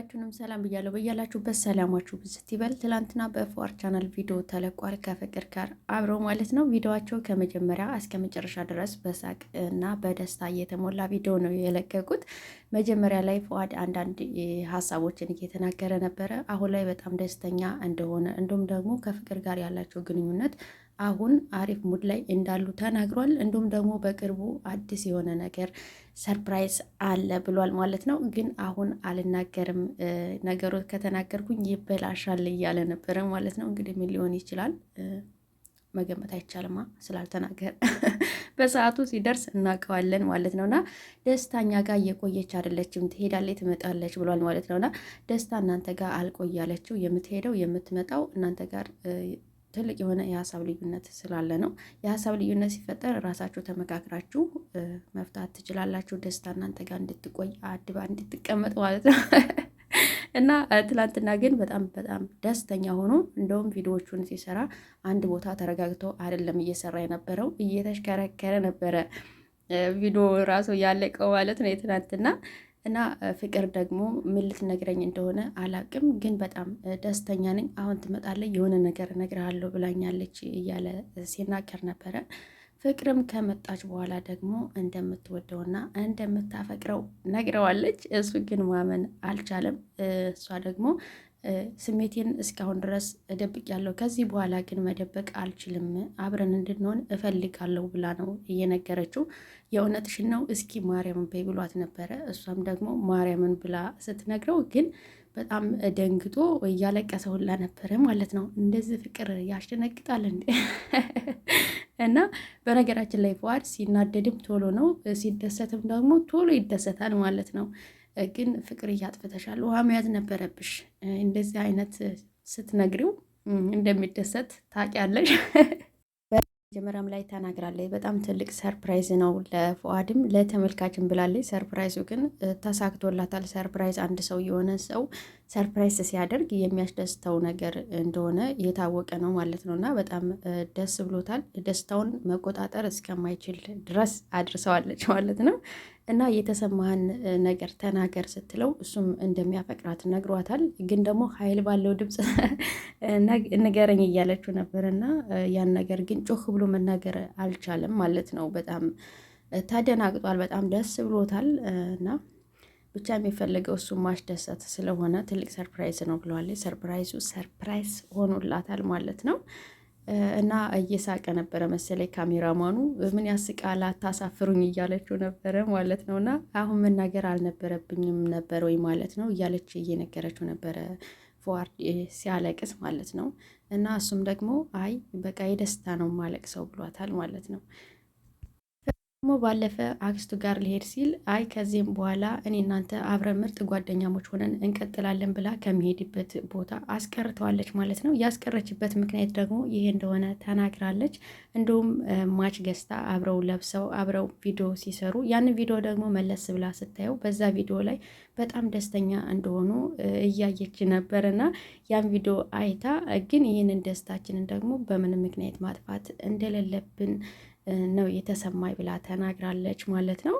ሁላችሁንም ሰላም ብያለሁ። በያላችሁበት ሰላማችሁ ብዝት ይበል። ትላንትና በፎር ቻናል ቪዲዮ ተለቋል፣ ከፍቅር ጋር አብረው ማለት ነው። ቪዲዮዋቸው ከመጀመሪያ እስከ መጨረሻ ድረስ በሳቅ እና በደስታ እየተሞላ ቪዲዮ ነው የለቀቁት። መጀመሪያ ላይ ፍዋድ አንዳንድ ሀሳቦችን እየተናገረ ነበረ። አሁን ላይ በጣም ደስተኛ እንደሆነ እንዲሁም ደግሞ ከፍቅር ጋር ያላቸው ግንኙነት አሁን አሪፍ ሙድ ላይ እንዳሉ ተናግሯል። እንዲሁም ደግሞ በቅርቡ አዲስ የሆነ ነገር ሰርፕራይዝ አለ ብሏል ማለት ነው። ግን አሁን አልናገርም፣ ነገሩ ከተናገርኩኝ ይበላሻል እያለ ነበረ ማለት ነው። እንግዲህ ምን ሊሆን ይችላል መገመት አይቻልማ ስላልተናገር በሰዓቱ ሲደርስ እናውቀዋለን ማለት ነውና፣ ደስታኛ ጋር እየቆየች አይደለችም፣ ትሄዳለች ትመጣለች ብሏል ማለት ነውና፣ ደስታ እናንተ ጋር አልቆያለችው፣ የምትሄደው የምትመጣው እናንተ ጋር ትልቅ የሆነ የሀሳብ ልዩነት ስላለ ነው። የሀሳብ ልዩነት ሲፈጠር ራሳችሁ ተመካክራችሁ መፍታት ትችላላችሁ። ደስታ እናንተ ጋር እንድትቆይ አድባ እንድትቀመጥ ማለት ነው። እና ትላንትና ግን በጣም በጣም ደስተኛ ሆኖ እንደውም ቪዲዮዎቹን ሲሰራ አንድ ቦታ ተረጋግቶ አይደለም እየሰራ የነበረው እየተሽከረከረ ነበረ ቪዲዮ ራሱ ያለቀው ማለት ነው የትናንትና እና ፍቅር ደግሞ ምን ልትነግረኝ እንደሆነ አላቅም፣ ግን በጣም ደስተኛ ነኝ። አሁን ትመጣለች የሆነ ነገር እነግርሃለሁ ብላኛለች እያለ ሲናገር ነበረ። ፍቅርም ከመጣች በኋላ ደግሞ እንደምትወደውና እንደምታፈቅረው ነግረዋለች። እሱ ግን ማመን አልቻለም። እሷ ደግሞ ስሜቴን እስካሁን ድረስ እደብቅ ያለው ከዚህ በኋላ ግን መደበቅ አልችልም፣ አብረን እንድንሆን እፈልጋለሁ ብላ ነው እየነገረችው። የእውነትሽ ነው እስኪ ማርያምን በይ ብሏት ነበረ። እሷም ደግሞ ማርያምን ብላ ስትነግረው ግን በጣም ደንግጦ እያለቀሰ ሁላ ነበረ ማለት ነው። እንደዚህ ፍቅር ያስደነግጣል እንዴ! እና በነገራችን ላይ ፈዋድ ሲናደድም ቶሎ ነው ሲደሰትም ደግሞ ቶሎ ይደሰታል ማለት ነው። ግን ፍቅር እያጥፍተሻል፣ ውሃ መያዝ ነበረብሽ። እንደዚህ አይነት ስትነግሪው እንደሚደሰት ታውቂያለሽ። መጀመሪያም ላይ ተናግራለች። በጣም ትልቅ ሰርፕራይዝ ነው ለፉአድም ለተመልካችም ብላለች። ሰርፕራይዙ ግን ተሳክቶላታል። ሰርፕራይዝ አንድ ሰው የሆነ ሰው ሰርፕራይዝ ሲያደርግ የሚያስደስተው ነገር እንደሆነ የታወቀ ነው ማለት ነው እና በጣም ደስ ብሎታል። ደስታውን መቆጣጠር እስከማይችል ድረስ አድርሰዋለች ማለት ነው። እና የተሰማህን ነገር ተናገር ስትለው እሱም እንደሚያፈቅራት ነግሯታል። ግን ደግሞ ኃይል ባለው ድምፅ ንገረኝ እያለችው ነበር እና ያን ነገር ግን ጮህ ብሎ መናገር አልቻለም ማለት ነው። በጣም ተደናግጧል። በጣም ደስ ብሎታል እና ብቻ የሚፈልገው እሱ ማስደሰት ስለሆነ ትልቅ ሰርፕራይዝ ነው ብለዋል። ሰርፕራይዙ ሰርፕራይዝ ሆኖላታል ማለት ነው። እና እየሳቀ ነበረ መሰለኝ ካሜራማኑ። ምን ያስቃል አታሳፍሩኝ እያለችው ነበረ ማለት ነው። እና አሁን መናገር አልነበረብኝም ነበር ወይ ማለት ነው እያለች እየነገረችው ነበረ ፎዋርድ ሲያለቅስ ማለት ነው። እና እሱም ደግሞ አይ በቃ የደስታ ነው ማለቅ ሰው ብሏታል ማለት ነው። ደግሞ ባለፈ አክስቱ ጋር ሊሄድ ሲል አይ ከዚህም በኋላ እኔ እናንተ አብረን ምርጥ ጓደኛሞች ሆነን እንቀጥላለን ብላ ከሚሄድበት ቦታ አስቀርተዋለች ማለት ነው። ያስቀረችበት ምክንያት ደግሞ ይሄ እንደሆነ ተናግራለች። እንዲሁም ማች ገዝታ አብረው ለብሰው አብረው ቪዲዮ ሲሰሩ ያንን ቪዲዮ ደግሞ መለስ ብላ ስታየው በዛ ቪዲዮ ላይ በጣም ደስተኛ እንደሆኑ እያየች ነበር እና ያን ቪዲዮ አይታ ግን ይህንን ደስታችንን ደግሞ በምን ምክንያት ማጥፋት እንደሌለብን ነው የተሰማኝ ብላ ተናግራለች ማለት ነው።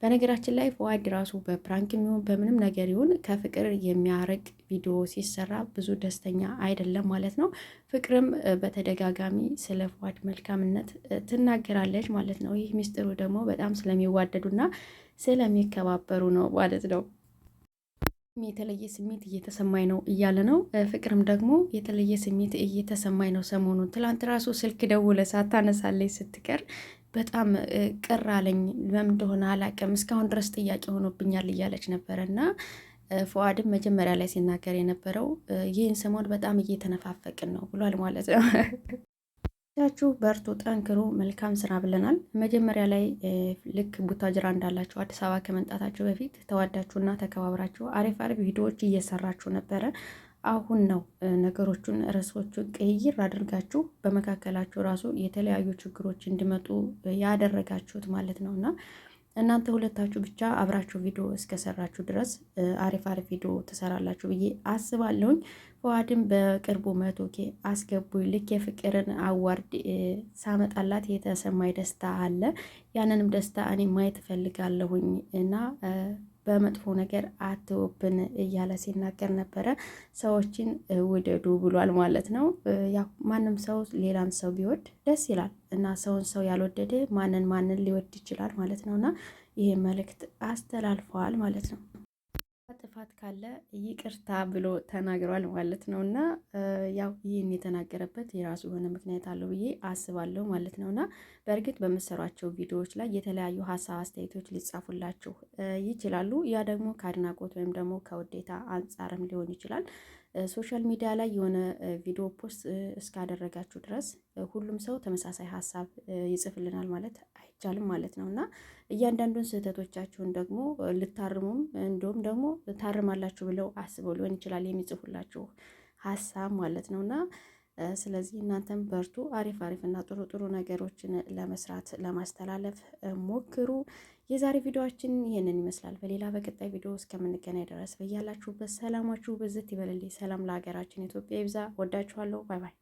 በነገራችን ላይ ፈዋድ ራሱ በፕራንክ የሚሆን በምንም ነገር ይሁን ከፍቅር የሚያርቅ ቪዲዮ ሲሰራ ብዙ ደስተኛ አይደለም ማለት ነው። ፍቅርም በተደጋጋሚ ስለ ፈዋድ መልካምነት ትናገራለች ማለት ነው። ይህ ሚስጥሩ ደግሞ በጣም ስለሚዋደዱና ስለሚከባበሩ ነው ማለት ነው። የተለየ ስሜት እየተሰማኝ ነው እያለ ነው። ፍቅርም ደግሞ የተለየ ስሜት እየተሰማኝ ነው ሰሞኑን፣ ትላንት ራሱ ስልክ ደውለ ሳታነሳለኝ ስትቀር በጣም ቅር አለኝ። ለምን እንደሆነ አላውቅም፣ እስካሁን ድረስ ጥያቄ ሆኖብኛል እያለች ነበረ እና ፉአድም መጀመሪያ ላይ ሲናገር የነበረው ይህን ሰሞን በጣም እየተነፋፈቅን ነው ብሏል ማለት ነው። ያችሁ በርቱ፣ ጠንክሩ፣ መልካም ስራ ብለናል። መጀመሪያ ላይ ልክ ቡታጅራ እንዳላችሁ አዲስ አበባ ከመምጣታችሁ በፊት ተዋዳችሁና ተከባብራችሁ አሪፍ አሪፍ ቪዲዮዎች እየሰራችሁ ነበረ። አሁን ነው ነገሮቹን ርዕሶቹን ቅይር አድርጋችሁ በመካከላችሁ ራሱ የተለያዩ ችግሮች እንዲመጡ ያደረጋችሁት ማለት ነው እና እናንተ ሁለታችሁ ብቻ አብራችሁ ቪዲዮ እስከሰራችሁ ድረስ አሪፍ አሪፍ ቪዲዮ ትሰራላችሁ ብዬ አስባለሁኝ። ፈዋድም በቅርቡ መቶ ኬ ልክ የፍቅርን አዋርድ ሳመጣላት የተሰማኝ ደስታ አለ። ያንንም ደስታ እኔ ማየት እፈልጋለሁኝ እና በመጥፎ ነገር አትውብን እያለ ሲናገር ነበረ። ሰዎችን ውደዱ ብሏል ማለት ነው። ያው ማንም ሰው ሌላን ሰው ቢወድ ደስ ይላል እና ሰውን ሰው ያልወደደ ማንን ማንን ሊወድ ይችላል ማለት ነው እና ይሄ መልእክት አስተላልፈዋል ማለት ነው። ጥፋት ካለ ይቅርታ ብሎ ተናግሯል ማለት ነው። እና ያው ይህን የተናገረበት የራሱ የሆነ ምክንያት አለው ብዬ አስባለሁ ማለት ነው። እና በእርግጥ በምሰሯቸው ቪዲዮዎች ላይ የተለያዩ ሀሳብ አስተያየቶች ሊጻፉላችሁ ይችላሉ። ያ ደግሞ ከአድናቆት ወይም ደግሞ ከውዴታ አንጻርም ሊሆን ይችላል። ሶሻል ሚዲያ ላይ የሆነ ቪዲዮ ፖስት እስካደረጋችሁ ድረስ ሁሉም ሰው ተመሳሳይ ሀሳብ ይጽፍልናል ማለት አይቻልም ማለት ነው እና እያንዳንዱን ስህተቶቻችሁን ደግሞ ልታርሙም እንዲሁም ደግሞ ታርማላችሁ ብለው አስበው ሊሆን ይችላል የሚጽፉላችሁ ሀሳብ ማለት ነው እና ስለዚህ እናንተም በርቱ። አሪፍ አሪፍ እና ጥሩ ጥሩ ነገሮችን ለመስራት ለማስተላለፍ ሞክሩ። የዛሬ ቪዲዮችን ይህንን ይመስላል። በሌላ በቀጣይ ቪዲዮ እስከምንገናኝ ድረስ በያላችሁበት ሰላማችሁ ብዝት ይበልልኝ። ሰላም ለሀገራችን ኢትዮጵያ ይብዛ። ወዳችኋለሁ። ባይ ባይ።